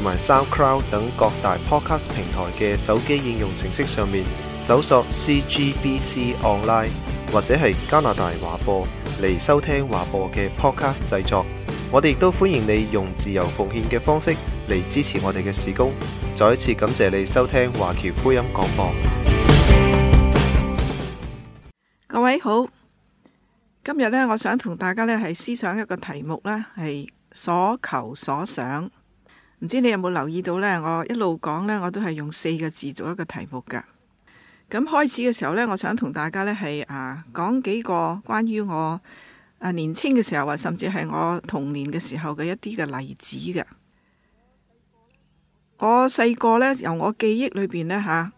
同埋 SoundCloud 等各大 Podcast 平台嘅手機應用程式上面搜索 CGBC Online 或者係加拿大華播嚟收聽華播嘅 Podcast 製作。我哋亦都歡迎你用自由奉獻嘅方式嚟支持我哋嘅事工。再一次感謝你收聽華僑福音廣播。各位好，今日咧，我想同大家咧係思想一個題目咧，係所求所想。唔知你有冇留意到呢？我一路講呢，我都係用四個字做一個題目噶。咁開始嘅時候呢，我想同大家呢係啊，講幾個關於我啊，年青嘅時候，或甚至係我童年嘅時候嘅一啲嘅例子噶。我細個呢，由我記憶裏邊呢，吓，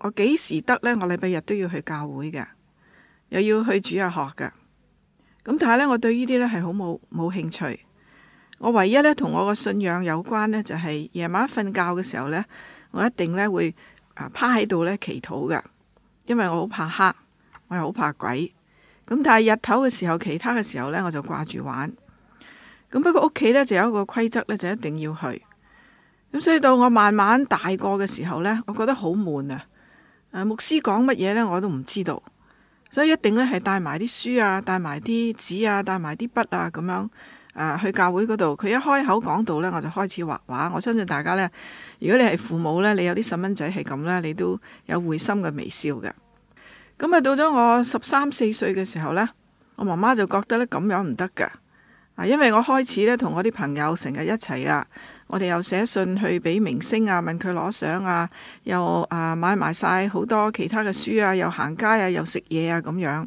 我幾時得呢？我禮拜日都要去教會噶，又要去主日學噶。咁但係呢，我對呢啲呢係好冇冇興趣。我唯一咧同我個信仰有關呢就係、是、夜晚瞓覺嘅時候呢，我一定咧會趴喺度咧祈禱噶，因為我好怕黑，我又好怕鬼。咁但係日頭嘅時候，其他嘅時候呢，我就掛住玩。咁不過屋企呢，就有一個規則呢，就一定要去。咁所以到我慢慢大個嘅時候呢，我覺得好悶啊！牧師講乜嘢呢，我都唔知道，所以一定咧係帶埋啲書啊，帶埋啲紙啊，帶埋啲、啊、筆啊，咁樣。誒去教會嗰度，佢一開口講到呢，我就開始畫畫。我相信大家呢，如果你係父母呢，你有啲細蚊仔係咁呢，你都有會心嘅微笑嘅。咁啊，到咗我十三四歲嘅時候呢，我媽媽就覺得呢，咁樣唔得㗎啊，因為我開始呢，同我啲朋友成日一齊啊，我哋又寫信去俾明星啊，問佢攞相啊，又啊買埋晒好多其他嘅書啊，又行街啊，又食嘢啊咁樣。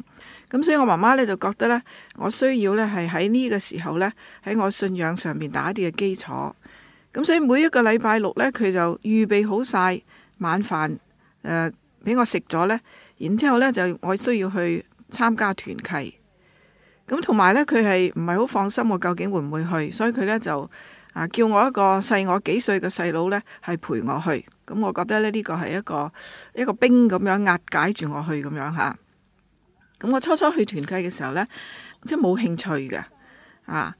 咁所以我媽媽咧就覺得咧，我需要咧係喺呢個時候咧喺我信仰上面打啲嘅基礎。咁所以每一個禮拜六咧，佢就預備好晒晚飯誒俾、呃、我食咗咧，然之後咧就我需要去參加團契。咁同埋咧，佢係唔係好放心我究竟會唔會去，所以佢咧就啊叫我一個細我幾歲嘅細佬咧係陪我去。咁我覺得咧呢、呢個係一個一個兵咁樣押解住我去咁樣吓。咁我初初去團契嘅時候呢，即係冇興趣嘅，啊！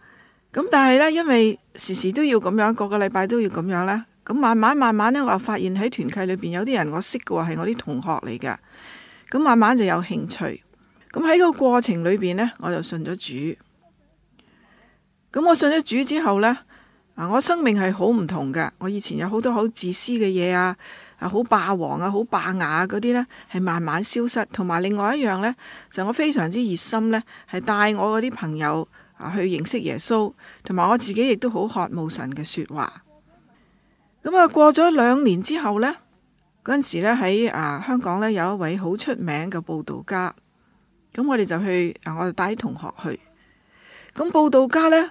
咁但係呢，因為時時都要咁樣，個個禮拜都要咁樣呢。咁慢慢慢慢呢，我就發現喺團契裏邊有啲人我識嘅話係我啲同學嚟噶，咁慢慢就有興趣。咁喺個過程裏邊呢，我就信咗主。咁我信咗主之後呢，啊，我生命係好唔同噶，我以前有好多好自私嘅嘢啊。啊！好霸王啊，好霸雅嗰、啊、啲呢係慢慢消失。同埋另外一樣呢，就我非常之熱心呢係帶我嗰啲朋友啊去認識耶穌，同埋我自己亦都好渴慕神嘅説話。咁啊，過咗兩年之後呢，嗰陣時呢喺啊香港呢有一位好出名嘅佈道家，咁我哋就去啊，我哋帶啲同學去。咁佈道家呢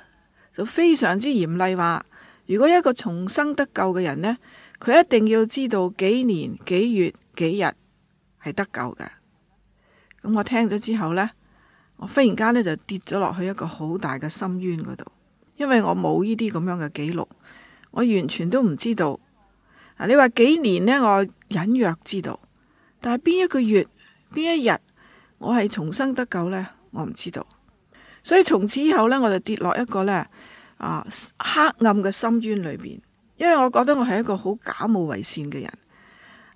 就非常之嚴厲話：「如果一個重生得救嘅人呢……」佢一定要知道幾年幾月幾日係得救嘅。咁我聽咗之後呢，我忽然間呢就跌咗落去一個好大嘅深淵嗰度，因為我冇呢啲咁樣嘅記錄，我完全都唔知道。啊，你話幾年呢？我隱約知道，但係邊一個月邊一日我係重生得救呢？我唔知道。所以從此以後呢，我就跌落一個呢啊黑暗嘅深淵裏邊。因為我覺得我係一個好假冒偽善嘅人，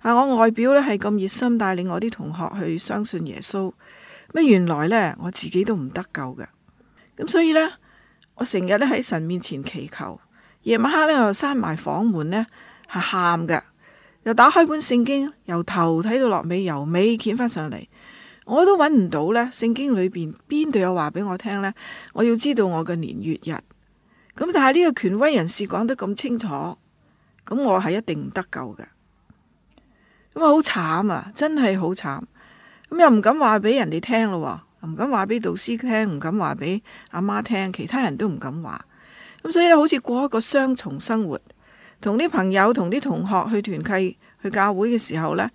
啊，我外表咧係咁熱心帶領我啲同學去相信耶穌，咩原來呢我自己都唔得救嘅，咁所以呢，我成日咧喺神面前祈求，夜晚黑呢，我閂埋房門呢，係喊嘅，又打開本聖經由頭睇到落尾，由尾掀返上嚟，我都揾唔到呢聖經裏邊邊度有話俾我聽呢。我要知道我嘅年月日。咁但係呢個權威人士講得咁清楚，咁我係一定唔得救嘅，咁啊好慘啊，真係好慘，咁又唔敢話俾人哋聽咯，唔敢話俾導師聽，唔敢話俾阿媽聽，其他人都唔敢話，咁所以呢，好似過一個雙重生活，同啲朋友、同啲同學去團契、去教會嘅時候呢，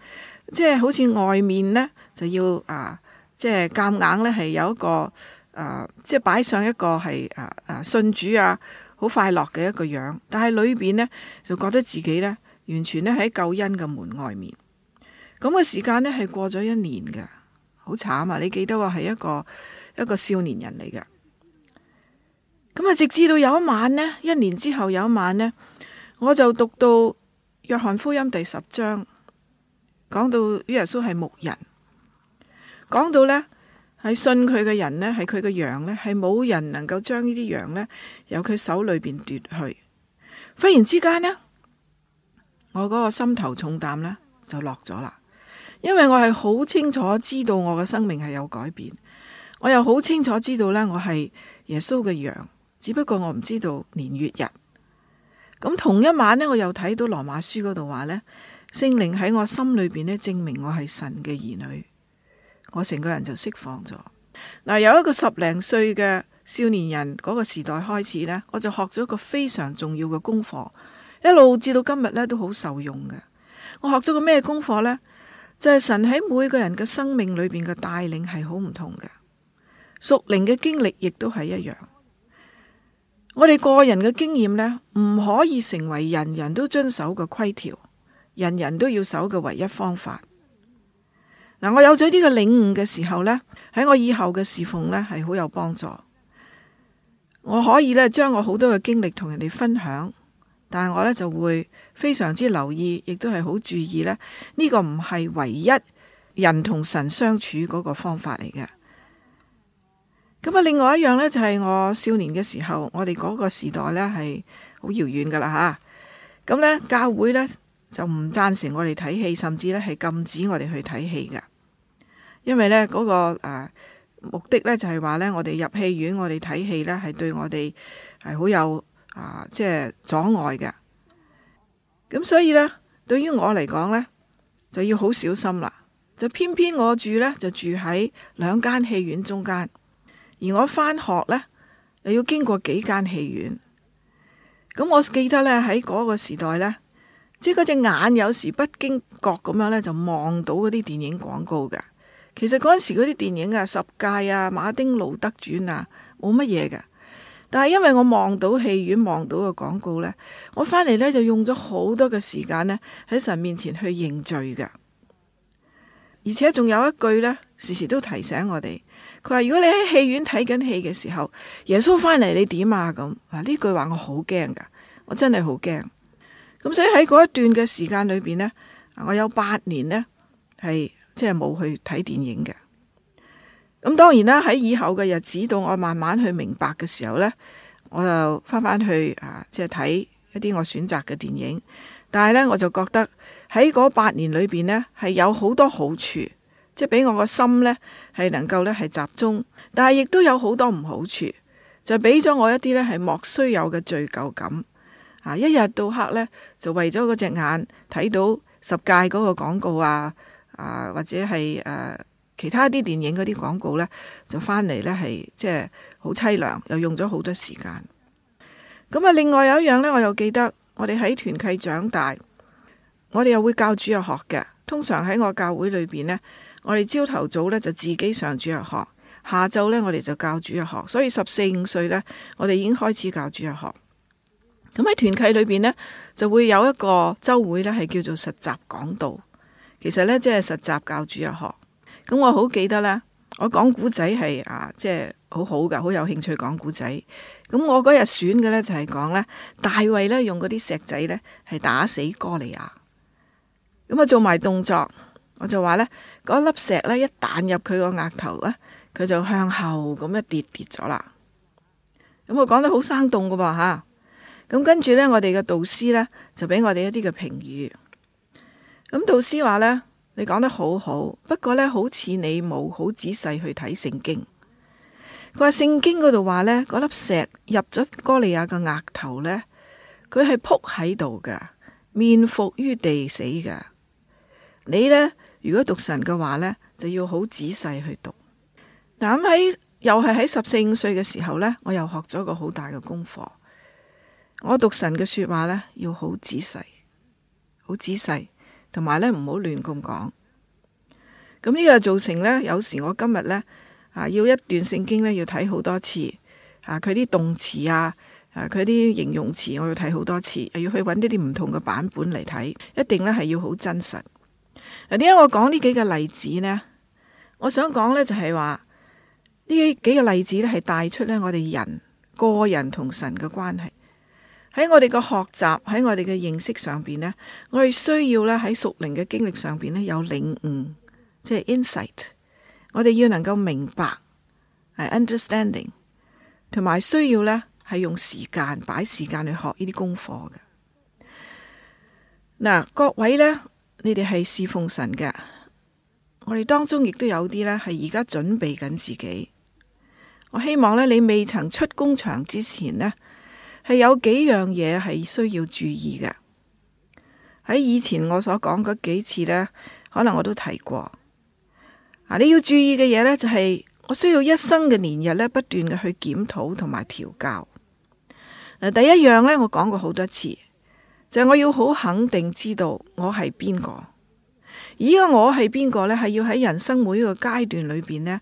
即係好似外面呢，就要啊，即係夾硬呢，係有一個。啊，即係擺上一個係啊啊信主啊，好快樂嘅一個樣。但係裏邊呢，就覺得自己呢，完全呢，喺救恩嘅門外面。咁嘅時間呢，係過咗一年嘅，好慘啊！你記得我係一個一個少年人嚟嘅。咁啊，直至到有一晚呢，一年之後有一晚呢，我就讀到《約翰福音》第十章，講到耶穌係牧人，講到呢。係信佢嘅人呢，係佢嘅羊呢，係冇人能夠將呢啲羊呢由佢手裏邊奪去。忽然之間呢，我嗰個心頭重擔呢就落咗啦，因為我係好清楚知道我嘅生命係有改變，我又好清楚知道呢，我係耶穌嘅羊，只不過我唔知道年月日。咁同一晚呢，我又睇到羅馬書嗰度話呢：「聖靈喺我心裏邊呢，證明我係神嘅兒女。我成個人就釋放咗嗱，由一個十零歲嘅少年人嗰個時代開始呢，我就學咗個非常重要嘅功課，一路至到今日呢都好受用嘅。我學咗個咩功課呢？就係神喺每個人嘅生命裏邊嘅帶領係好唔同嘅，屬靈嘅經歷亦都係一樣。我哋個人嘅經驗呢，唔可以成為人人都遵守嘅規條，人人都要守嘅唯一方法。嗱，我有咗呢個領悟嘅時候呢，喺我以後嘅侍奉呢係好有幫助。我可以咧將我好多嘅經歷同人哋分享，但係我呢就會非常之留意，亦都係好注意咧，呢個唔係唯一人同神相處嗰個方法嚟嘅。咁啊，另外一樣呢，就係我少年嘅時候，我哋嗰個時代呢係好遙遠噶啦吓。咁呢，教會呢，就唔贊成我哋睇戲，甚至呢係禁止我哋去睇戲噶。因為呢嗰、嗰個誒、啊、目的呢，就係、係、話呢我哋入戲院，我哋睇戲呢係對我哋係好有啊，即係阻礙嘅。咁所以呢，對於我嚟講呢，就要好小心啦。就偏偏我住呢，就住喺兩間戲院中間，而我翻學呢，又要經過幾間戲院。咁我記得呢，喺嗰個時代呢。即係嗰隻眼有時不經覺咁樣呢，就望到嗰啲電影廣告噶。其實嗰陣時嗰啲電影啊，十戒啊，馬丁路德傳啊，冇乜嘢噶。但係因為我望到戲院望到個廣告呢，我翻嚟呢，就用咗好多嘅時間呢，喺神面前去認罪噶。而且仲有一句呢，時時都提醒我哋。佢話如果你喺戲院睇緊戲嘅時候，耶穌翻嚟，你點啊？咁啊呢句話我好驚噶，我真係好驚。咁所以喺嗰一段嘅時間裏邊呢，我有八年呢，係即係冇去睇電影嘅。咁當然啦，喺以後嘅日子到我慢慢去明白嘅時候呢，我就返返去啊，即係睇一啲我選擇嘅電影。但係呢，我就覺得喺嗰八年裏邊呢，係有好多好處，即係俾我個心呢，係能夠呢，係集中。但係亦都有好多唔好處，就俾咗我一啲呢，係莫須有嘅罪疚感。啊！一日到黑呢，就為咗嗰隻眼睇到十界嗰個廣告啊啊，或者係誒、啊、其他啲電影嗰啲廣告呢，就翻嚟呢，係即係好凄涼，又用咗好多時間。咁啊，另外有一樣呢，我又記得我哋喺團契長大，我哋又會教主日學嘅。通常喺我教會裏邊呢，我哋朝頭早呢就自己上主日學，下晝呢我哋就教主日學。所以十四五歲呢，我哋已經開始教主日學。咁喺團契裏邊呢，就會有一個周會呢，係叫做實習講道。其實呢，即係實習教主日學。咁我好記得呢，我講古仔係啊，即係好好噶，好有興趣講古仔。咁我嗰日選嘅呢，就係、是、講呢大衛呢，用嗰啲石仔呢，係打死哥利亞。咁啊，做埋動作，我就話呢，嗰粒石呢，一彈入佢個額頭呢，佢就向後咁一跌跌咗啦。咁我講得好生動噶噃嚇。咁跟住呢，我哋嘅導師呢，就俾我哋一啲嘅評語。咁、嗯、導師話呢，你講得好好，不過呢，好似你冇好仔細去睇聖經。佢話聖經嗰度話呢，嗰粒石入咗哥利亞嘅額頭呢，佢係仆喺度噶，面伏於地死噶。你呢，如果讀神嘅話呢，就要好仔細去讀。嗱，咁喺又係喺十四五歲嘅時候呢，我又學咗個好大嘅功課。我讀神嘅說話呢，要好仔細，好仔細，同埋呢唔好亂咁講。咁、這、呢個造成呢，有時我今日呢，啊，要一段聖經呢，要睇好多次啊。佢啲動詞啊，佢啲形容詞，我要睇好多次，又要去揾一啲唔同嘅版本嚟睇，一定呢係要好真實。啊，點解我講呢幾個例子呢？我想講呢，就係話呢幾個例子呢係帶出呢我哋人個人同神嘅關係。喺我哋嘅學習，喺我哋嘅認識上邊咧，我哋需要咧喺熟齡嘅經歷上邊咧有領悟，即係 insight。我哋要能夠明白，係 understanding，同埋需要呢係用時間擺時間去學呢啲功課嘅。嗱，各位呢，你哋係侍奉神嘅，我哋當中亦都有啲呢係而家準備緊自己。我希望呢，你未曾出工場之前呢。係有幾樣嘢係需要注意嘅。喺以前我所講嗰幾次呢，可能我都提過。啊，你要注意嘅嘢呢，就係、是、我需要一生嘅年日呢，不斷嘅去檢討同埋調教。第一樣呢，我講過好多次，就係、是、我要好肯定知道我係邊個。而家我係邊個呢，係要喺人生每一個階段裏邊呢，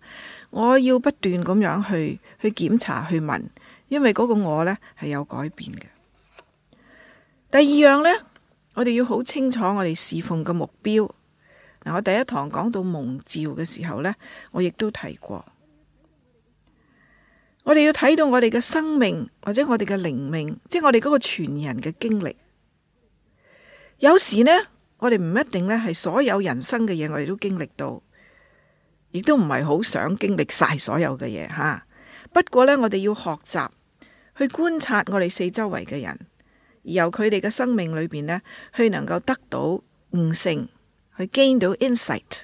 我要不斷咁樣去去檢查去問。因為嗰個我呢係有改變嘅。第二樣呢，我哋要好清楚我哋侍奉嘅目標。嗱，我第一堂講到蒙召嘅時候呢，我亦都提過。我哋要睇到我哋嘅生命或者我哋嘅靈命，即係我哋嗰個全人嘅經歷。有時呢，我哋唔一定呢係所有人生嘅嘢，我哋都經歷到，亦都唔係好想經歷晒所有嘅嘢吓。不過呢，我哋要學習去觀察我哋四周圍嘅人，由佢哋嘅生命裏邊呢，去能夠得到悟性，去 gain 到 insight。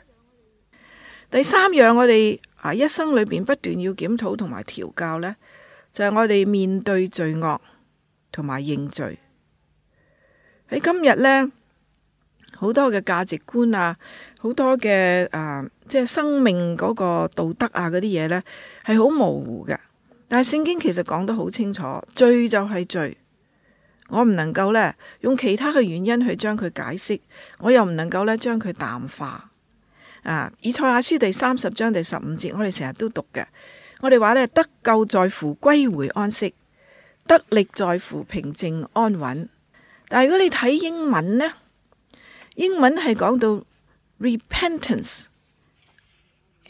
第三樣，我哋啊一生裏邊不斷要檢討同埋調教呢，就係、是、我哋面對罪惡同埋認罪。喺今日呢，好多嘅價值觀啊，好多嘅誒。呃即係生命嗰個道德啊，嗰啲嘢呢，係好模糊嘅。但係聖經其實講得好清楚，罪就係罪，我唔能夠呢，用其他嘅原因去將佢解釋，我又唔能夠呢將佢淡化。啊，以賽亞書第三十章第十五節，我哋成日都讀嘅，我哋話呢，得救在乎歸回安息，得力在乎平靜安穩。但係如果你睇英文呢，英文係講到 repentance。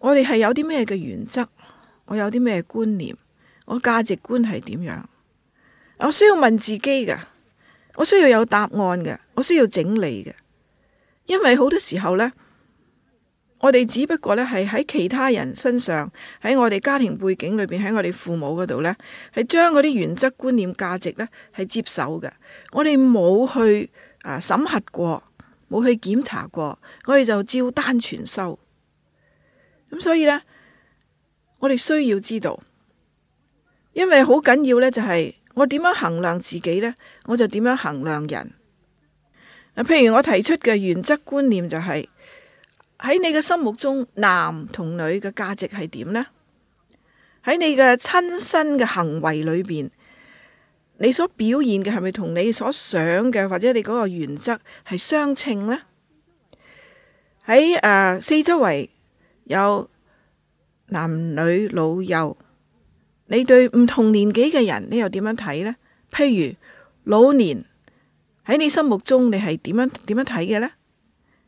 我哋係有啲咩嘅原則，我有啲咩觀念，我價值觀係點樣？我需要問自己嘅，我需要有答案嘅，我需要整理嘅，因為好多時候呢，我哋只不過呢係喺其他人身上，喺我哋家庭背景裏面，喺我哋父母嗰度呢，係將嗰啲原則、觀念、價值呢係接手嘅，我哋冇去啊審核過，冇去檢查過，我哋就照單全收。咁所以呢，我哋需要知道，因為好緊要呢，就係我點樣衡量自己呢？我就點樣衡量人。譬如我提出嘅原則觀念就係、是、喺你嘅心目中，男同女嘅價值係點呢？喺你嘅親身嘅行為裏邊，你所表現嘅係咪同你所想嘅，或者你嗰個原則係相稱呢？喺誒、呃、四周圍。有男女老幼，你對唔同年紀嘅人，你又點樣睇呢？譬如老年喺你心目中，你，你係點樣點樣睇嘅呢？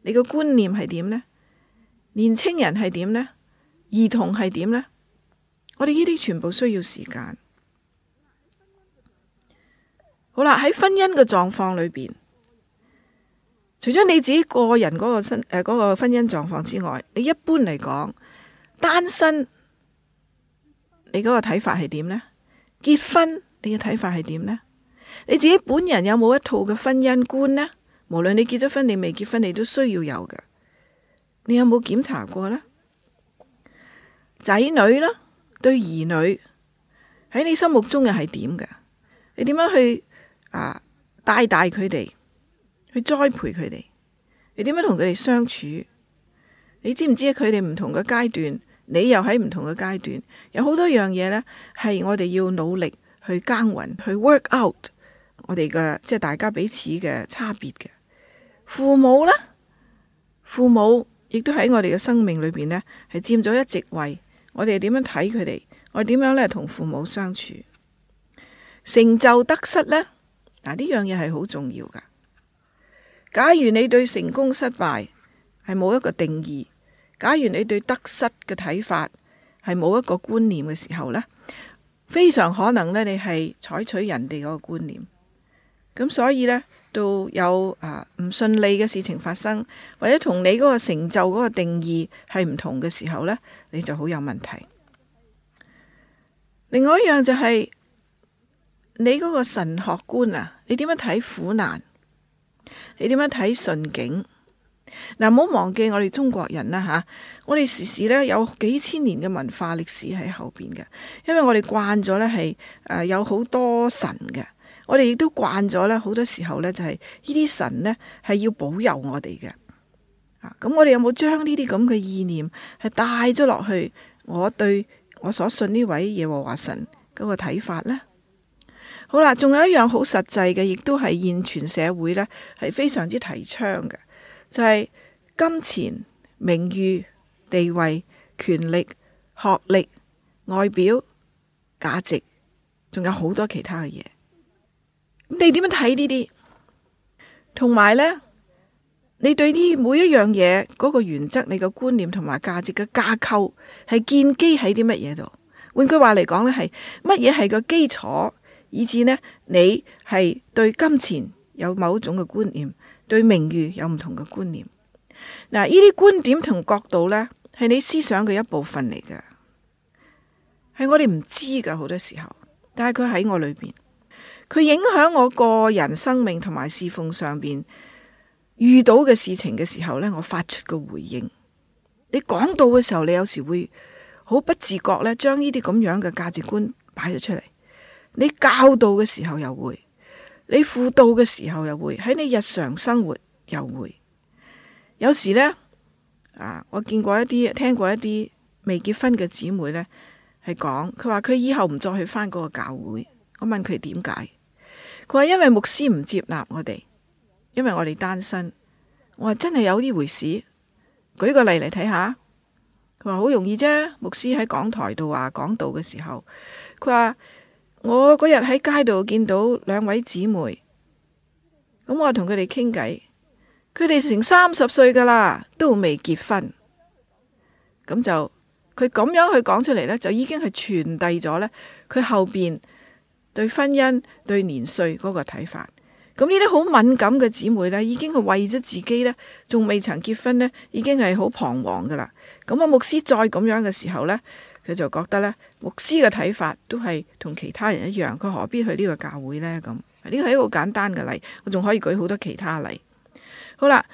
你個觀念係點呢？年青人係點呢？兒童係點呢？我哋呢啲全部需要時間。好啦，喺婚姻嘅狀況裏邊。除咗你自己個人嗰個身誒、呃嗰個婚姻狀況之外，你一般嚟講單身，你嗰個睇法係點呢？結婚，你嘅睇法係點呢？你自己本人有冇一套嘅婚姻觀呢？無論你結咗婚，你未結婚，你都需要有嘅。你有冇檢查過呢？仔女啦，對兒女喺你心目中又係點嘅？你點樣去啊帶大佢哋？去栽培佢哋，你點樣同佢哋相處？你知唔知佢哋唔同嘅階段，你又喺唔同嘅階段，有好多樣嘢呢，係我哋要努力去耕耘，去 work out 我哋嘅，即係大家彼此嘅差別嘅。父母呢？父母亦都喺我哋嘅生命裏邊呢，係佔咗一席位。我哋點樣睇佢哋？我哋點樣呢？同父母相處？成就得失呢？嗱，呢樣嘢係好重要噶假如你對成功失敗係冇一個定義，假如你對得失嘅睇法係冇一個觀念嘅時候呢，非常可能咧你係採取人哋嗰個觀念，咁所以呢，到有啊唔順利嘅事情發生，或者同你嗰個成就嗰個定義係唔同嘅時候呢，你就好有問題。另外一樣就係，你嗰個神學觀啊，你點樣睇苦難？你點樣睇順境？嗱，唔好忘記我哋中國人啦，吓，我哋時時咧有幾千年嘅文化歷史喺後邊嘅，因為我哋慣咗咧係誒有好多神嘅，我哋亦都慣咗咧好多時候咧就係呢啲神咧係要保佑我哋嘅，咁我哋有冇將呢啲咁嘅意念係帶咗落去我對我所信呢位耶和華神嗰個睇法咧？好啦，仲有一樣好實際嘅，亦都係現全社會呢係非常之提倡嘅，就係金錢、名譽、地位、權力、學歷、外表、價值，仲有好多其他嘅嘢。你點樣睇呢啲？同埋呢，你對呢每一樣嘢嗰個原則、你個觀念同埋價值嘅架構，係建基喺啲乜嘢度？換句話嚟講呢，係乜嘢係個基礎？以至呢，你係對金錢有某種嘅觀念，對名譽有唔同嘅觀念。嗱，呢啲觀點同角度咧，係你思想嘅一部分嚟噶，係我哋唔知噶好多時候。但係佢喺我裏邊，佢影響我個人生命同埋侍奉上邊遇到嘅事情嘅時候咧，我發出嘅回應。你講到嘅時候，你有時會好不自覺咧，將呢啲咁樣嘅價值觀擺咗出嚟。你教導嘅時候又會，你輔導嘅時候又會，喺你日常生活又會。有時呢，啊，我見過一啲，聽過一啲未結婚嘅姊妹呢，係講佢話佢以後唔再去返嗰個教會。我問佢點解，佢話因為牧師唔接納我哋，因為我哋單身。我話真係有呢回事。舉個例嚟睇下，佢話好容易啫。牧師喺講台度話講道嘅時候，佢話。我嗰日喺街度見到兩位姊妹，咁我同佢哋傾偈，佢哋成三十歲噶啦，都未結婚，咁就佢咁樣去講出嚟呢，就已經係傳遞咗呢，佢後邊對婚姻、對年歲嗰個睇法，咁呢啲好敏感嘅姊妹呢，已經係為咗自己呢，仲未曾結婚呢，已經係好彷徨噶啦。咁啊，牧師再咁樣嘅時候呢。佢就覺得呢，牧師嘅睇法都係同其他人一樣，佢何必去呢個教會呢？咁呢個係一個好簡單嘅例，我仲可以舉好多其他例。好啦，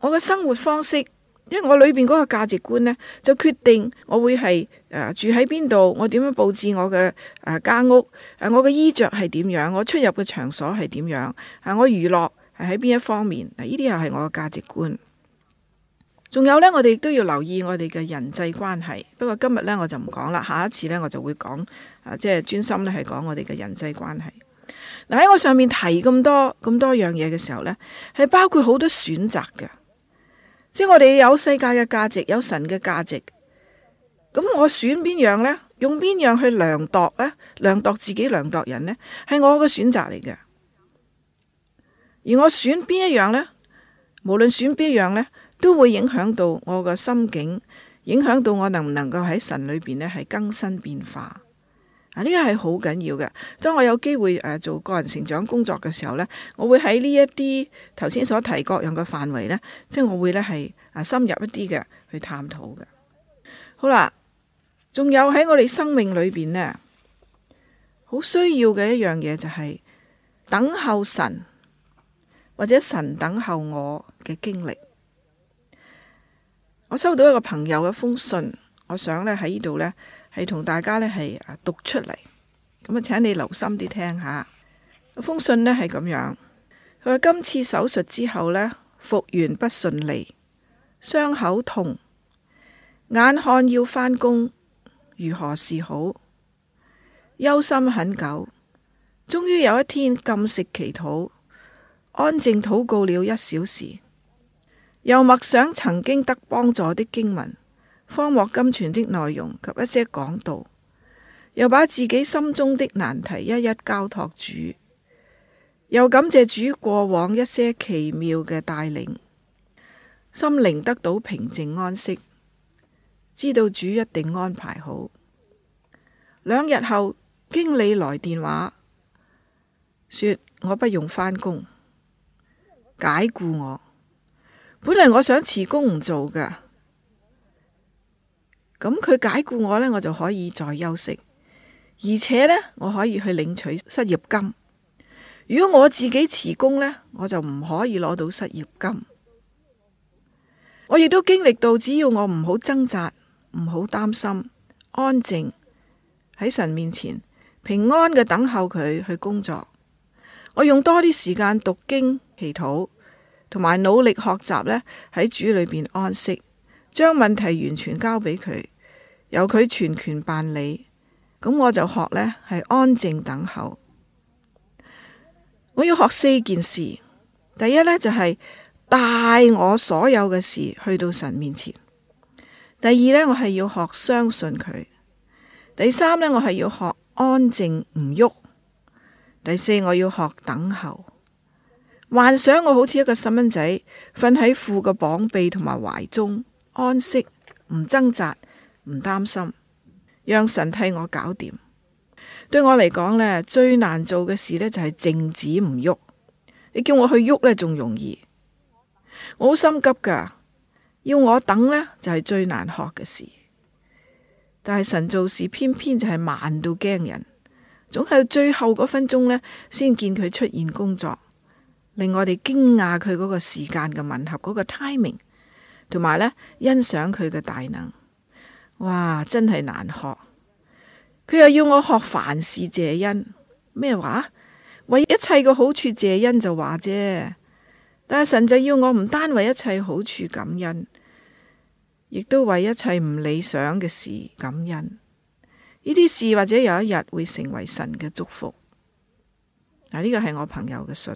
我嘅生活方式，因為我裏邊嗰個價值觀呢，就決定我會係誒、呃、住喺邊度，我點樣佈置我嘅誒、呃、間屋，呃、我嘅衣着係點樣，我出入嘅場所係點樣，呃、我娛樂係喺邊一方面，呢啲又係我嘅價值觀。仲有呢，我哋都要留意我哋嘅人際關係。不過今日呢，我就唔講啦。下一次呢，我就會講啊，即係專心呢，係講我哋嘅人際關係。嗱，喺我上面提咁多咁多樣嘢嘅時候呢，係包括好多選擇嘅。即係我哋有世界嘅價值，有神嘅價值。咁我選邊樣呢？用邊樣去量度呢？量度自己，量度人呢？係我嘅選擇嚟嘅。而我選邊一樣呢？無論選邊一樣呢。無論選都會影響到我個心境，影響到我能唔能夠喺神裏邊咧，係更新變化啊？呢個係好緊要嘅。當我有機會做個人成長工作嘅時候呢，我會喺呢一啲頭先所提各樣嘅範圍呢，即係我會呢係深入一啲嘅去探討嘅。好啦，仲有喺我哋生命裏邊呢，好需要嘅一樣嘢就係等候神或者神等候我嘅經歷。我收到一個朋友嘅封信，我想呢喺呢度呢，係同大家呢係啊讀出嚟，咁啊請你留心啲聽下。封信呢係咁樣，佢話今次手術之後呢，復原不順利，傷口痛，眼看要返工，如何是好？憂心很久，終於有一天禁食祈禱，安靜禱告了一小時。又默想曾經得幫助的經文、荒漠甘泉的內容及一些講道，又把自己心中的難題一一交託主，又感謝主過往一些奇妙嘅帶領，心靈得到平靜安息，知道主一定安排好。兩日後，經理來電話，說我不用返工，解雇我。本來我想辭工唔做㗎，咁佢解雇我呢，我就可以再休息，而且呢，我可以去領取失業金。如果我自己辭工呢，我就唔可以攞到失業金。我亦都經歷到，只要我唔好掙扎，唔好擔心，安靜，喺神面前平安嘅等候佢去工作。我用多啲時間讀經、祈禱。同埋努力學習，呢喺主裏面安息，將問題完全交俾佢，由佢全權辦理。咁我就學呢係安靜等候。我要學四件事：第一呢，就係帶我所有嘅事去到神面前；第二呢，我係要學相信佢；第三呢，我係要學安靜唔喐；第四，我要學等候。幻想我好似一個細蚊仔瞓喺父嘅膀臂同埋懷中安息，唔掙扎，唔擔心，讓神替我搞掂。對我嚟講呢最難做嘅事呢，就係靜止唔喐。你叫我去喐呢，仲容易。我好心急㗎，要我等呢，就係最難學嘅事。但係神做事偏偏就係慢到驚人，總係最後嗰分鐘呢，先見佢出現工作。令我哋驚訝佢嗰個時間嘅吻合，嗰個 timing，同埋呢欣賞佢嘅大能，哇，真係難學。佢又要我學凡事謝恩」，咩話？為一切嘅好處謝恩就話啫。但係神就要我唔單為一切好處感恩，亦都為一切唔理想嘅事感恩。呢啲事或者有一日會成為神嘅祝福。啊，呢個係我朋友嘅信。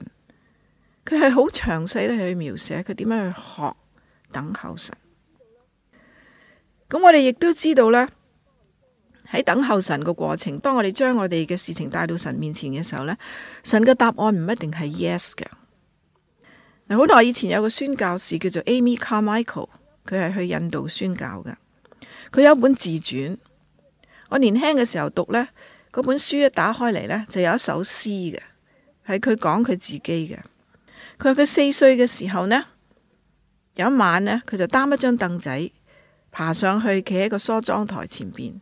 佢係好詳細地去描寫佢點樣去學等候神。咁我哋亦都知道呢，喺等候神嘅過程，當我哋將我哋嘅事情帶到神面前嘅時候呢，神嘅答案唔一定係 yes 嘅。好耐以前有個宣教士叫做 Amy Carmichael，佢係去印度宣教嘅。佢有一本自傳，我年輕嘅時候讀呢，嗰本書一打開嚟呢，就有一首詩嘅，係佢講佢自己嘅。佢話佢四歲嘅時候呢，有一晚呢，佢就擔一張凳仔爬上去，企喺個梳妝台前邊。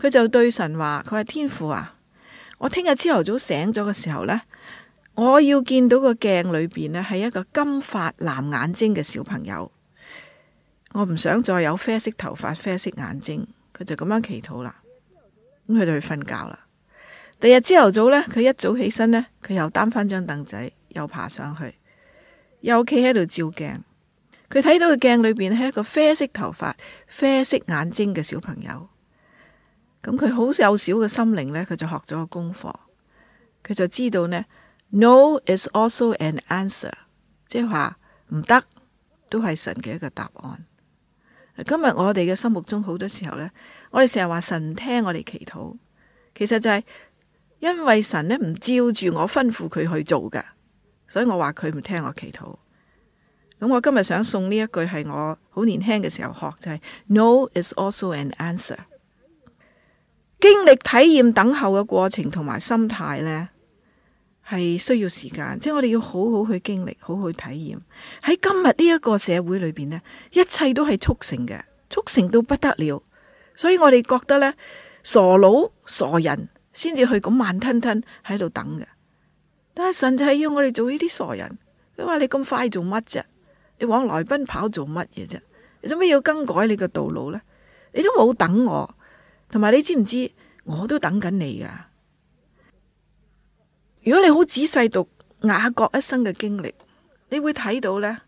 佢就對神話，佢話天父啊，我聽日朝頭早醒咗嘅時候呢，我要見到個鏡裏邊呢係一個金髮藍眼睛嘅小朋友。我唔想再有啡色頭髮啡色眼睛。佢就咁樣祈禱啦。咁佢就去瞓覺啦。第二日朝頭早呢，佢一早起身呢，佢又擔翻張凳仔。又爬上去，又企喺度照鏡。佢睇到個鏡裏邊係一個啡色頭髮、啡色眼睛嘅小朋友。咁佢好幼小嘅心靈呢，佢就學咗個功課。佢就知道呢 No is also an answer，即係話唔得都係神嘅一個答案。今日我哋嘅心目中好多時候呢，我哋成日話神聽我哋祈禱，其實就係因為神呢唔照住我吩咐佢去做噶。所以我話佢唔聽我祈禱，咁我今日想送呢一句係我好年輕嘅時候學就係、是、No is also an answer。經歷、體驗、等候嘅過程同埋心態呢，係需要時間，即、就、係、是、我哋要好好去經歷，好好去體驗。喺今日呢一個社會裏邊呢，一切都係速成嘅，速成到不得了，所以我哋覺得呢，傻佬、傻人先至去咁慢吞吞喺度等嘅。神就係要我哋做呢啲傻人，佢話你咁快做乜啫？你往來奔跑做乜嘢啫？你做咩要更改你個道路呢？你都冇等我，同埋你知唔知我都等緊你噶？如果你好仔細讀雅各一生嘅經歷，你會睇到呢，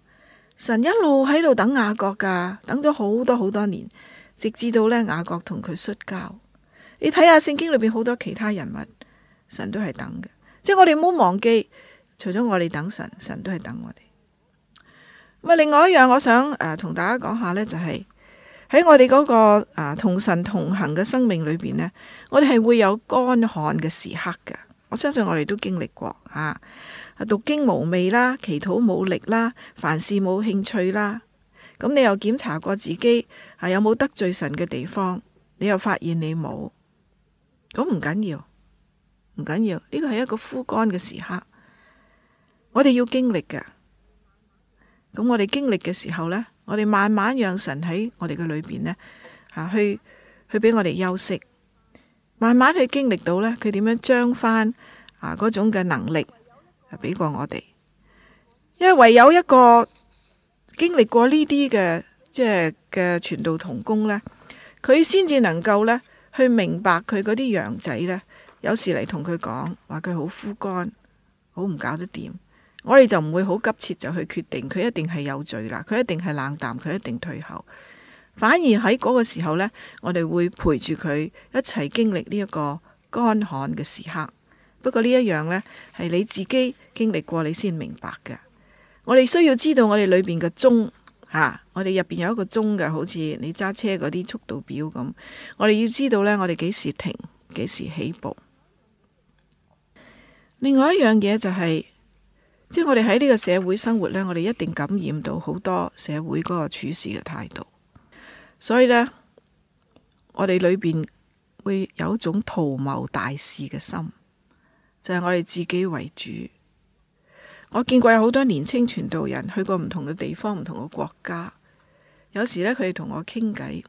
神一路喺度等雅各噶，等咗好多好多年，直至到呢雅各同佢摔跤。你睇下聖經裏邊好多其他人物，神都係等嘅。即係我哋唔好忘記，除咗我哋等神，神都係等我哋。咁另外一樣我想誒、呃、同大家講下呢，就係、是、喺我哋嗰、那個誒、呃、同神同行嘅生命裏邊呢，我哋係會有乾旱嘅時刻嘅。我相信我哋都經歷過吓、啊，讀經無味啦，祈禱冇力啦，凡事冇興趣啦。咁你又檢查過自己啊，有冇得罪神嘅地方？你又發現你冇，咁唔緊要。唔緊要，呢個係一個枯乾嘅時刻，我哋要經歷嘅。咁我哋經歷嘅時候呢，我哋慢慢讓神喺我哋嘅裏邊呢吓，去去俾我哋休息，慢慢去經歷到呢，佢點樣將翻啊嗰種嘅能力啊俾過我哋，因為唯有一個經歷過呢啲嘅即係嘅傳道同工呢，佢先至能夠呢去明白佢嗰啲羊仔呢。有時嚟同佢講，話佢好枯乾，好唔搞得掂。我哋就唔會好急切就去決定佢一定係有罪啦，佢一定係冷淡，佢一定退後。反而喺嗰個時候呢，我哋會陪住佢一齊經歷呢一個乾旱嘅時刻。不過呢一樣呢，係你自己經歷過你先明白嘅。我哋需要知道我哋裏邊嘅鐘吓，啊，我哋入邊有一個鐘嘅，好似你揸車嗰啲速度表咁。我哋要知道呢，我哋幾時停，幾時起步。另外一樣嘢就係，即係我哋喺呢個社會生活呢，我哋一定感染到好多社會嗰個處事嘅態度，所以呢，我哋裏邊會有一種圖謀大事嘅心，就係我哋自己為主。我見過有好多年青傳道人去過唔同嘅地方、唔同嘅國家，有時呢，佢哋同我傾偈，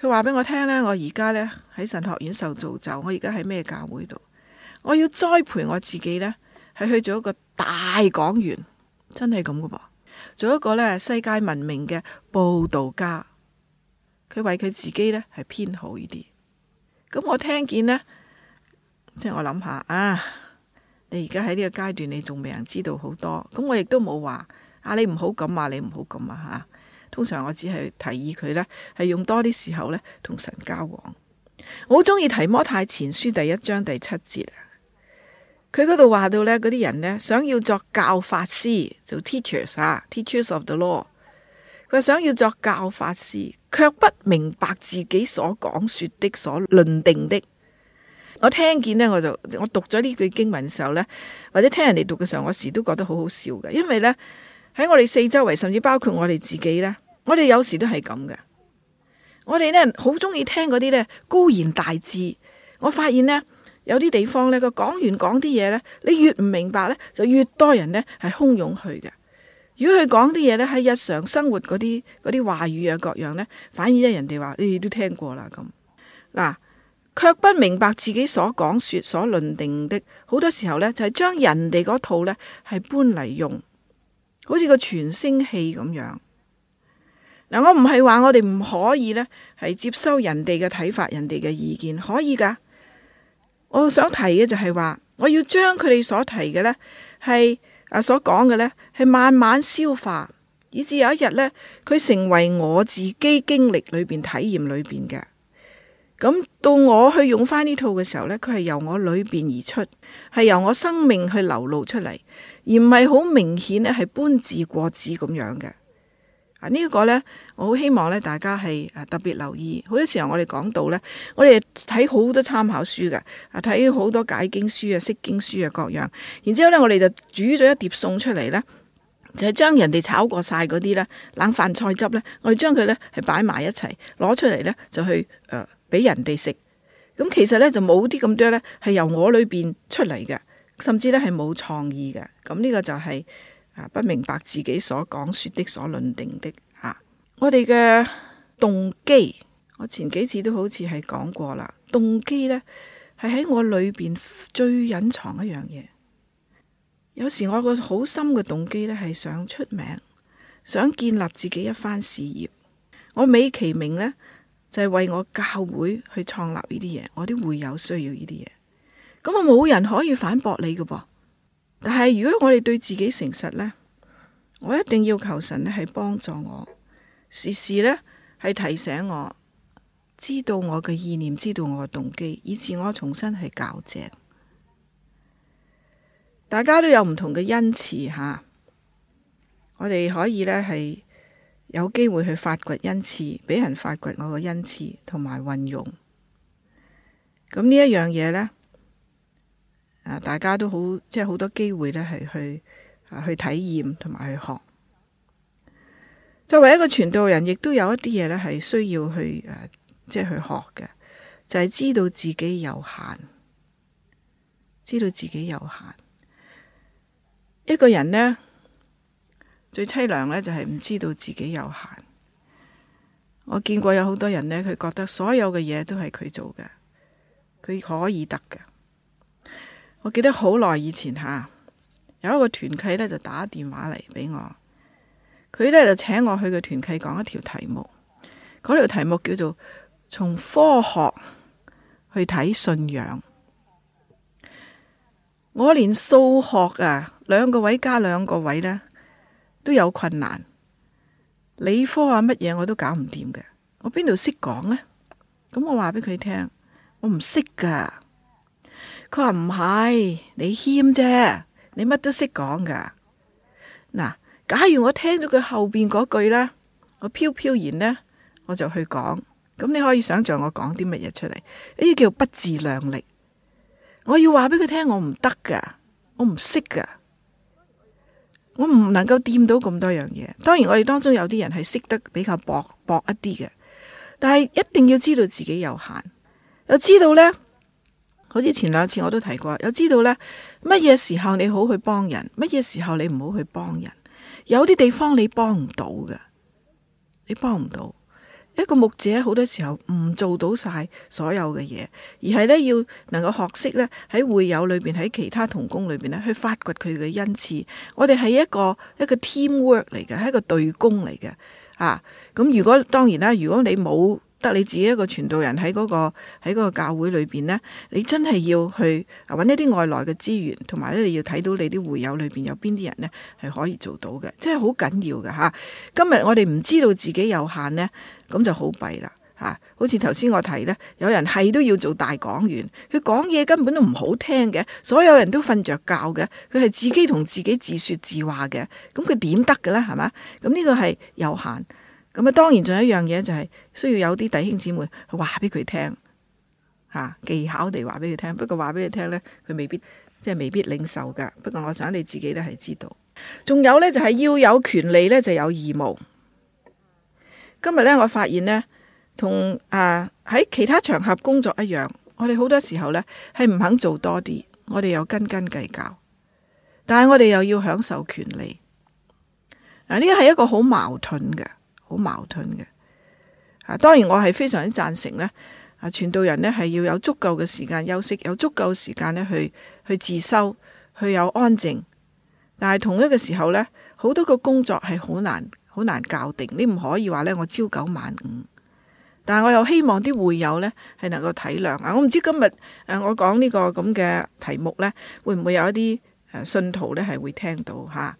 佢話俾我聽呢，我而家呢，喺神學院受造就，我而家喺咩教會度。我要栽培我自己呢，係去做一個大講員，真係咁嘅噃，做一個呢世界聞名嘅報道家。佢為佢自己呢係偏好呢啲。咁我聽見呢，即係我諗下啊，你而家喺呢個階段，你仲未人知道好多。咁我亦都冇話啊，你唔好咁啊，你唔好咁啊吓啊。通常我只係提議佢呢，係用多啲時候呢同神交往。我好中意提摩太前書第一章第七節啊。佢嗰度話到呢，嗰啲人呢，想要作教法師，做 teachers 啊，teachers of the law。佢話想要作教法師，卻不明白自己所講說的、所論定的。我聽見呢，我就我讀咗呢句經文嘅時候呢，或者聽人哋讀嘅時候，我時都覺得好好笑嘅，因為呢，喺我哋四周圍，甚至包括我哋自己呢，我哋有時都係咁嘅。我哋呢，好中意聽嗰啲呢，高言大智，我發現呢。有啲地方咧，佢講完講啲嘢呢，你越唔明白呢，就越多人呢係洶湧去嘅。如果佢講啲嘢呢喺，日常生活嗰啲嗰啲話語啊各樣呢，反而咧，人哋話誒，都聽過啦咁。嗱、啊，卻不明白自己所講說、所論定的，好多時候呢，就係、是、將人哋嗰套呢係搬嚟用好似個傳聲器咁樣。嗱、啊，我唔係話我哋唔可以呢係接收人哋嘅睇法、人哋嘅意見，可以噶。我想提嘅就係話，我要將佢哋所提嘅，呢，係啊所講嘅呢，係慢慢消化，以至有一日呢，佢成為我自己經歷裏邊體驗裏邊嘅。咁到我去用翻呢套嘅時候呢，佢係由我裏邊而出，係由我生命去流露出嚟，而唔係好明顯呢係搬字過紙咁樣嘅。呢個呢，我好希望咧，大家係特別留意。好多時候我哋講到呢，我哋睇好多參考書嘅，睇好多解經書啊、釋經書啊各樣。然之後呢，我哋就煮咗一碟餸出嚟咧，就係、是、將人哋炒過晒嗰啲呢冷飯菜汁呢，我哋將佢呢係擺埋一齊攞出嚟呢，就去誒俾、呃、人哋食。咁其實呢，就冇啲咁多呢係由我裏邊出嚟嘅，甚至呢係冇創意嘅。咁呢個就係、是。啊！不明白自己所講說的，所論定的吓，、啊，我哋嘅動機，我前幾次都好似係講過啦。動機呢，係喺我裏邊最隱藏一樣嘢。有時我個好深嘅動機呢，係想出名，想建立自己一番事業。我美其名呢，就係、是、為我教會去創立呢啲嘢，我啲會友需要呢啲嘢。咁我冇人可以反駁你㗎噃。但係如果我哋對自己誠實呢，我一定要求神呢係幫助我，時時呢係提醒我，知道我嘅意念，知道我嘅動機，以致我重新係校正。大家都有唔同嘅恩賜吓，我哋可以呢係有機會去發掘恩賜，俾人發掘我嘅恩賜，同埋運用。咁呢一樣嘢呢。啊！大家都好，即係好多機會呢，係去啊，去體驗同埋去學。作為一個傳道人，亦都有一啲嘢呢，係需要去誒、啊，即係去學嘅。就係、是、知道自己有限，知道自己有限。一個人呢最淒涼呢，就係唔知道自己有限。我見過有好多人呢，佢覺得所有嘅嘢都係佢做嘅，佢可以得嘅。我記得好耐以前吓，啊，有一個團契呢就打電話嚟俾我，佢呢就請我去個團契講一條題目，嗰條題目叫做從科學去睇信仰。我連數學啊，兩個位加兩個位呢都有困難，理科啊乜嘢我都搞唔掂嘅，我邊度識講呢？咁我話俾佢聽，我唔識噶。佢話唔係，你謙啫，你乜都識講噶。嗱，假如我聽咗佢後邊嗰句呢，我飄飄然呢，我就去講。咁你可以想象我講啲乜嘢出嚟？呢啲叫不自量力。我要話俾佢聽，我唔得噶，我唔識噶，我唔能夠掂到咁多樣嘢。當然，我哋當中有啲人係識得比較薄薄一啲嘅，但係一定要知道自己有限，又知道呢。好似前兩次我都提過，有知道呢，乜嘢時候你好去幫人，乜嘢時候你唔好去幫人。有啲地方你幫唔到嘅，你幫唔到。一個牧者好多時候唔做到晒所有嘅嘢，而係呢，要能夠學識呢，喺會友裏邊，喺其他同工裏邊呢，去發掘佢嘅恩賜。我哋係一個一個 teamwork 嚟嘅，係一個隊工嚟嘅啊。咁如果當然啦，如果你冇。得你自己一個傳道人喺嗰個喺嗰個教會裏邊呢，你真係要去揾一啲外來嘅資源，同埋你要睇到你啲會友裏邊有邊啲人呢係可以做到嘅，即係好緊要嘅嚇。今日我哋唔知道自己有限呢，咁就好弊啦嚇。好似頭先我提呢，有人係都要做大講員，佢講嘢根本都唔好聽嘅，所有人都瞓着覺嘅，佢係自己同自己自説自話嘅，咁佢點得嘅咧？係嘛？咁呢個係有限。咁啊，當然仲有一樣嘢就係需要有啲弟兄姊妹話俾佢聽，嚇技巧地話俾佢聽。不過話俾佢聽呢，佢未必即係、就是、未必領受㗎。不過我想你自己都係知道。仲有呢，就係要有權利呢就有義務。今日呢，我發現呢，同啊喺其他場合工作一樣，我哋好多時候呢係唔肯做多啲，我哋又斤斤計較。但係我哋又要享受權利，嗱，呢個係一個好矛盾嘅。好矛盾嘅，啊，當然我係非常之贊成咧，啊，傳道人咧係要有足夠嘅時間休息，有足夠時間咧去去自修，去有安靜。但係同一個時候咧，好多嘅工作係好難，好難搞定。你唔可以話咧，我朝九晚五，但係我又希望啲會友咧係能夠體諒啊。我唔知今日誒、啊，我講呢、這個咁嘅題目咧，會唔會有一啲信徒咧係會聽到吓？啊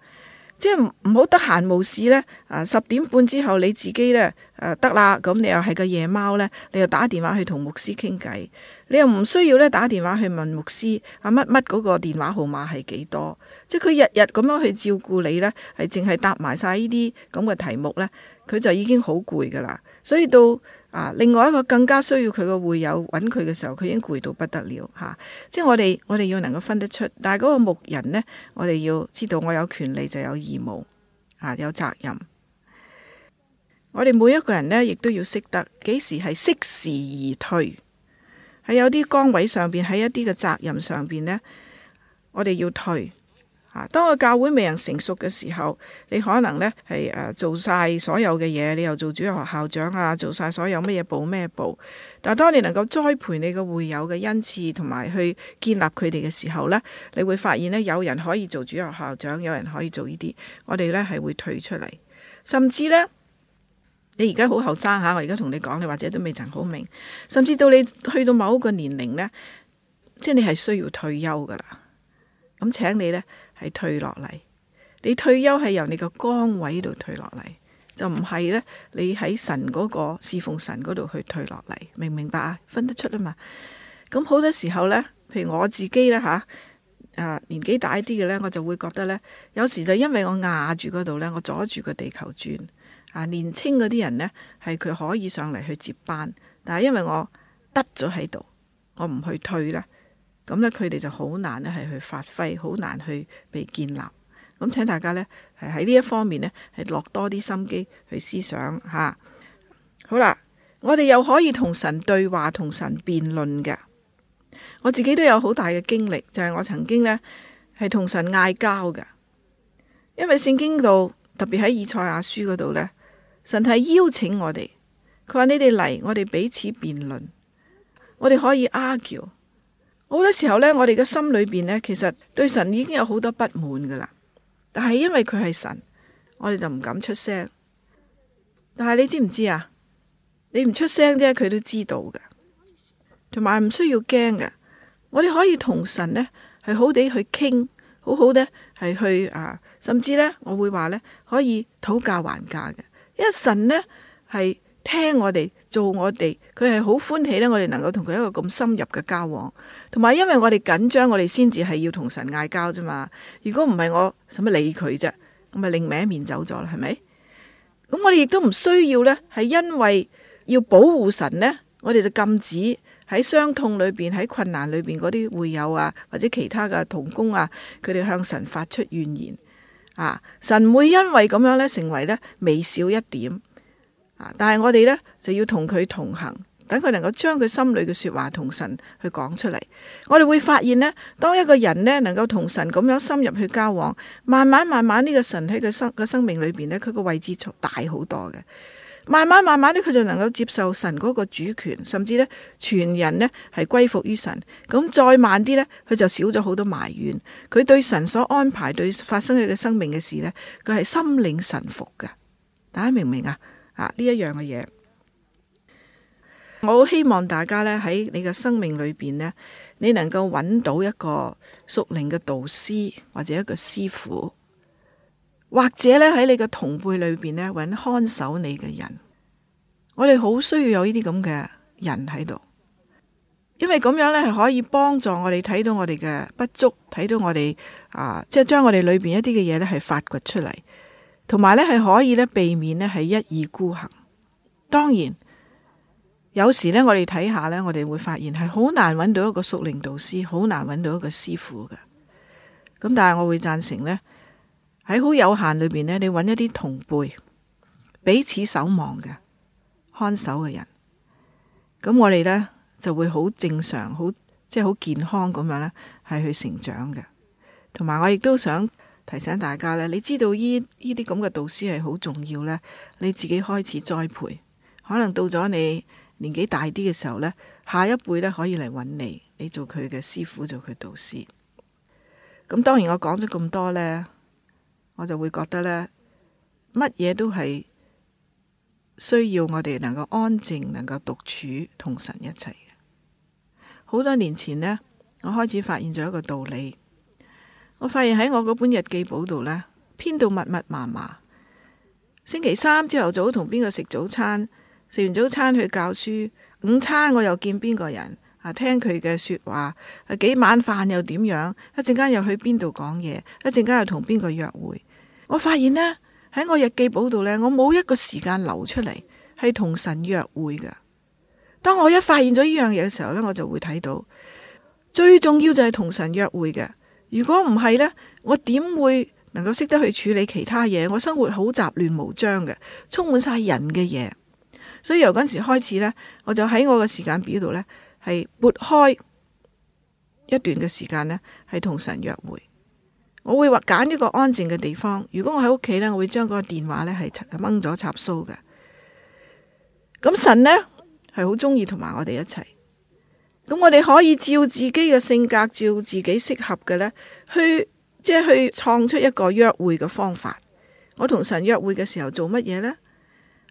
即係唔好得閒無事呢，啊，十點半之後你自己呢誒、啊、得啦，咁你又係個夜貓呢，你又打電話去同牧師傾偈，你又唔需要呢打電話去問牧師啊乜乜嗰個電話號碼係幾多，即係佢日日咁樣去照顧你呢，係淨係答埋晒呢啲咁嘅題目呢，佢就已經好攰噶啦，所以到。啊！另外一個更加需要佢嘅會友揾佢嘅時候，佢已經攰到不得了嚇、啊。即係我哋，我哋要能夠分得出。但係嗰個牧人呢，我哋要知道，我有權利就有義務啊，有責任。我哋每一個人呢，亦都要識得幾時係適時而退。喺有啲崗位上邊，喺一啲嘅責任上邊呢，我哋要退。啊，當個教會未能成熟嘅時候，你可能呢係誒、啊、做晒所有嘅嘢，你又做主日學校長啊，做晒所有乜嘢部乜嘢部，但係當你能夠栽培你嘅會友嘅恩賜，同埋去建立佢哋嘅時候呢，你會發現呢，有人可以做主日學校長，有人可以做呢啲，我哋呢係會退出嚟。甚至呢，你而家好後生吓，我而家同你講，你或者都未曾好明，甚至到你去到某一個年齡呢，即係你係需要退休噶啦，咁請你呢。係退落嚟，你退休係由你個崗位度退落嚟，就唔係咧，你喺神嗰個侍奉神嗰度去退落嚟，明唔明白啊？分得出啊嘛。咁好多時候呢，譬如我自己咧吓，啊，年紀大啲嘅呢，我就會覺得呢，有時就因為我壓住嗰度呢，我阻住個地球轉啊。年青嗰啲人呢，係佢可以上嚟去接班，但係因為我得咗喺度，我唔去退啦。咁呢，佢哋就好難呢，係去發揮，好難去被建立。咁，請大家呢係喺呢一方面呢，係落多啲心機去思想吓、啊。好啦，我哋又可以同神對話，同神辯論嘅。我自己都有好大嘅經歷，就係、是、我曾經呢係同神嗌交嘅，因為聖經度特別喺以賽亞書嗰度呢，神係邀請我哋，佢話：「你哋嚟，我哋彼此辯論，我哋可以 argue。」好多時候呢，我哋嘅心裏邊呢，其實對神已經有好多不滿噶啦。但係因為佢係神，我哋就唔敢出聲。但係你知唔知啊？你唔出聲啫，佢都知道噶，同埋唔需要驚噶。我哋可以同神呢係好地去傾，好好地係去啊，甚至呢，我會話呢可以討價還價嘅，因為神呢係聽我哋做我哋，佢係好歡喜呢，我哋能夠同佢一個咁深入嘅交往。同埋，因為我哋緊張，我哋先至係要同神嗌交啫嘛。如果唔係我使乜理佢啫，我咪另歪面走咗啦，係咪？咁我哋亦都唔需要呢，係因為要保護神呢。我哋就禁止喺傷痛裏邊、喺困難裏邊嗰啲會友啊，或者其他嘅同工啊，佢哋向神發出怨言啊。神會因為咁樣呢，成為呢微小一點啊。但係我哋呢，就要同佢同行。等佢能夠將佢心裏嘅說話同神去講出嚟，我哋會發現呢。當一個人呢，能夠同神咁樣深入去交往，慢慢慢慢呢、呢個神喺佢生生命裏邊呢，佢個位置大好多嘅。慢慢慢慢呢，佢就能夠接受神嗰個主權，甚至呢，全人呢係歸服於神。咁再慢啲呢，佢就少咗好多埋怨，佢對神所安排、對發生佢嘅生命嘅事呢，佢係心領神服嘅。大家明唔明啊？啊，呢一樣嘅嘢。我好希望大家呢，喺你嘅生命裏邊呢，你能夠揾到一個屬靈嘅導師或者一個師傅，或者呢，喺你嘅同輩裏邊呢，揾看守你嘅人。我哋好需要有呢啲咁嘅人喺度，因為咁樣呢，係可以幫助我哋睇到我哋嘅不足，睇到我哋啊，即、呃、係、就是、將我哋裏邊一啲嘅嘢呢，係發掘出嚟，同埋呢，係可以呢，避免呢，係一意孤行。當然。有時呢，我哋睇下呢，我哋會發現係好難揾到一個熟齡導師，好難揾到一個師傅嘅。咁但係我會贊成呢，喺好有限裏面呢，你揾一啲同輩彼此守望嘅看守嘅人。咁我哋呢就會好正常，好即係好健康咁樣呢，係去成長嘅。同埋我亦都想提醒大家呢，你知道呢呢啲咁嘅導師係好重要呢，你自己開始栽培，可能到咗你。年紀大啲嘅時候呢，下一輩咧可以嚟揾你，你做佢嘅師傅，做佢導師。咁當然我講咗咁多呢，我就會覺得呢，乜嘢都係需要我哋能夠安靜、能夠獨處同神一齊嘅。好多年前呢，我開始發現咗一個道理，我發現喺我嗰本日記簿度呢，編到密密麻麻。星期三朝頭早同邊個食早餐？食完早餐去教書，午餐我又見邊個人啊，聽佢嘅說話，啊，幾晚飯又點樣？一陣間又去邊度講嘢，一陣間又同邊個約會。我發現呢，喺我日記簿度呢，我冇一個時間留出嚟係同神約會嘅。當我一發現咗呢樣嘢嘅時候呢，我就會睇到最重要就係同神約會嘅。如果唔係呢，我點會能夠識得去處理其他嘢？我生活好雜亂無章嘅，充滿晒人嘅嘢。所以由嗰時開始呢，我就喺我嘅時間表度呢，係撥開一段嘅時間呢，係同神約會。我會話揀一個安靜嘅地方。如果我喺屋企呢，我會將個電話呢，係掹咗插蘇嘅。咁神呢，係好中意同埋我哋一齊。咁我哋可以照自己嘅性格，照自己適合嘅呢，去即係、就是、去創出一個約會嘅方法。我同神約會嘅時候做乜嘢呢？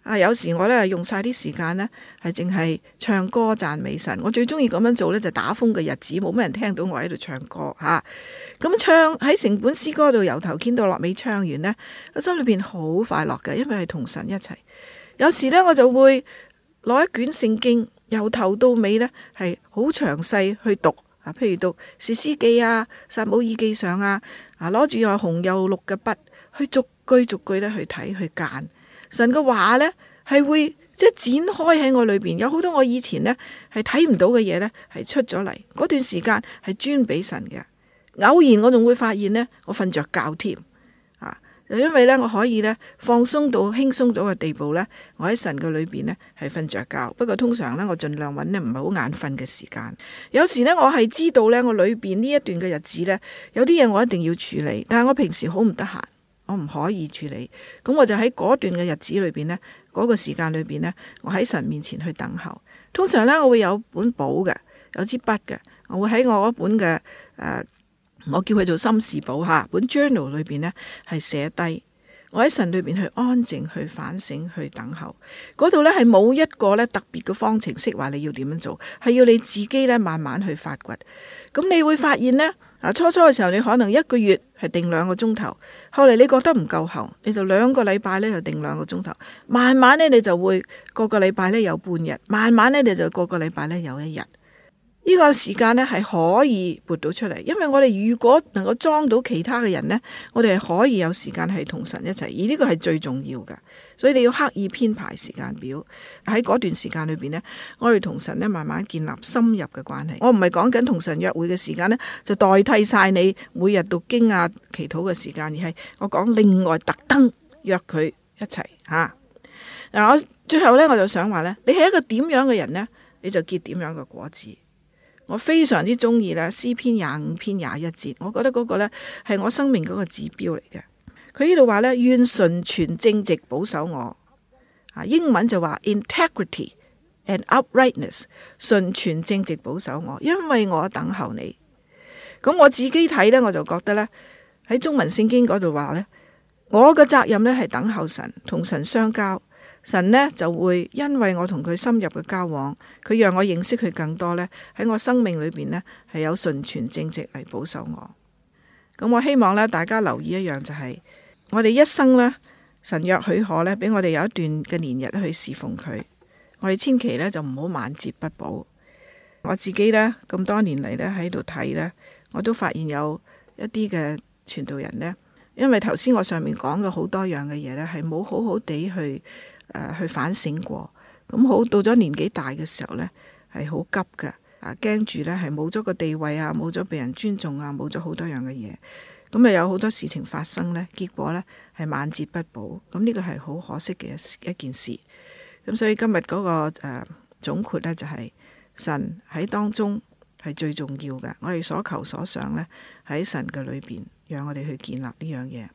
啊！有時我呢用晒啲時間呢，係淨係唱歌讚美神。我最中意咁樣做呢，就是、打風嘅日子，冇咩人聽到我喺度唱歌嚇。咁、啊、唱喺成本詩歌度，由頭牽到落尾唱完呢，我心裏邊好快樂㗎，因為係同神一齊。有時呢，我就會攞一卷聖經，由頭到尾呢，係好詳細去讀啊。譬如讀士師記啊、撒母耳記上啊，啊，攞住又紅又綠嘅筆，去逐句逐句呢去睇去揀。神嘅話呢，係會即係展開喺我裏邊，有好多我以前呢係睇唔到嘅嘢呢，係出咗嚟。嗰段時間係專俾神嘅。偶然我仲會發現呢，我瞓着覺添啊！因為呢，我可以呢，放鬆到輕鬆到嘅地步呢。我喺神嘅裏邊呢，係瞓着覺。不過通常呢，我盡量揾呢唔係好眼瞓嘅時間。有時呢，我係知道呢，我裏邊呢一段嘅日子呢，有啲嘢我一定要處理，但係我平時好唔得閒。我唔可以處理，咁我就喺嗰段嘅日子裏邊呢，嗰個時間裏邊呢，我喺神面前去等候。通常呢，我會有本簿嘅，有支筆嘅，我會喺我嗰本嘅誒、呃，我叫佢做心事簿吓，本 journal 裏邊呢係寫低，我喺神裏邊去安靜去反省去等候。嗰度呢係冇一個咧特別嘅方程式話你要點樣做，係要你自己呢慢慢去發掘。咁你會發現呢。初初嘅時候，你可能一個月係定兩個鐘頭，後嚟你覺得唔夠後，你就兩個禮拜呢就定兩個鐘頭，慢慢咧你就會個個禮拜呢有半日，慢慢咧你就個個禮拜呢有一日，呢個時間呢係可以撥到出嚟，因為我哋如果能夠裝到其他嘅人呢，我哋係可以有時間係同神一齊，而呢個係最重要㗎。所以你要刻意編排時間表，喺嗰段時間裏邊呢，我哋同神咧慢慢建立深入嘅關係。我唔係講緊同神約會嘅時間呢，就代替晒你每日讀經啊祈禱嘅時間，而係我講另外特登約佢一齊吓。嗱、啊，我最後呢，我就想話呢：你係一個點樣嘅人呢？你就結點樣嘅果子。我非常之中意咧詩篇廿五篇廿一節，我覺得嗰個呢係我生命嗰個指標嚟嘅。佢呢度話呢，願純全正直保守我，啊，英文就話 integrity and uprightness，純全正直保守我，因為我等候你。咁我自己睇呢，我就覺得呢，喺中文聖經嗰度話呢，我嘅責任呢係等候神，同神相交，神呢就會因為我同佢深入嘅交往，佢讓我認識佢更多，呢喺我生命裏邊呢，係有純全正直嚟保守我。咁我希望呢，大家留意一樣就係、是。我哋一生呢，神若許可呢，俾我哋有一段嘅年日去侍奉佢。我哋千祈呢，就唔好晚節不，不保。我自己呢，咁多年嚟呢，喺度睇呢，我都發現有一啲嘅傳道人呢，因為頭先我上面講嘅好多樣嘅嘢呢，係冇好好地去、呃、去反省過。咁、嗯、好到咗年紀大嘅時候呢，係好急嘅啊，驚住呢，係冇咗個地位啊，冇咗被人尊重啊，冇咗好多樣嘅嘢。咁咪有好多事情發生咧，結果咧係晚節不保，咁呢個係好可惜嘅一一件事。咁所以今日嗰、那個誒、呃、總括咧就係、是、神喺當中係最重要嘅，我哋所求所想咧喺神嘅裏邊，讓我哋去建立呢樣嘢。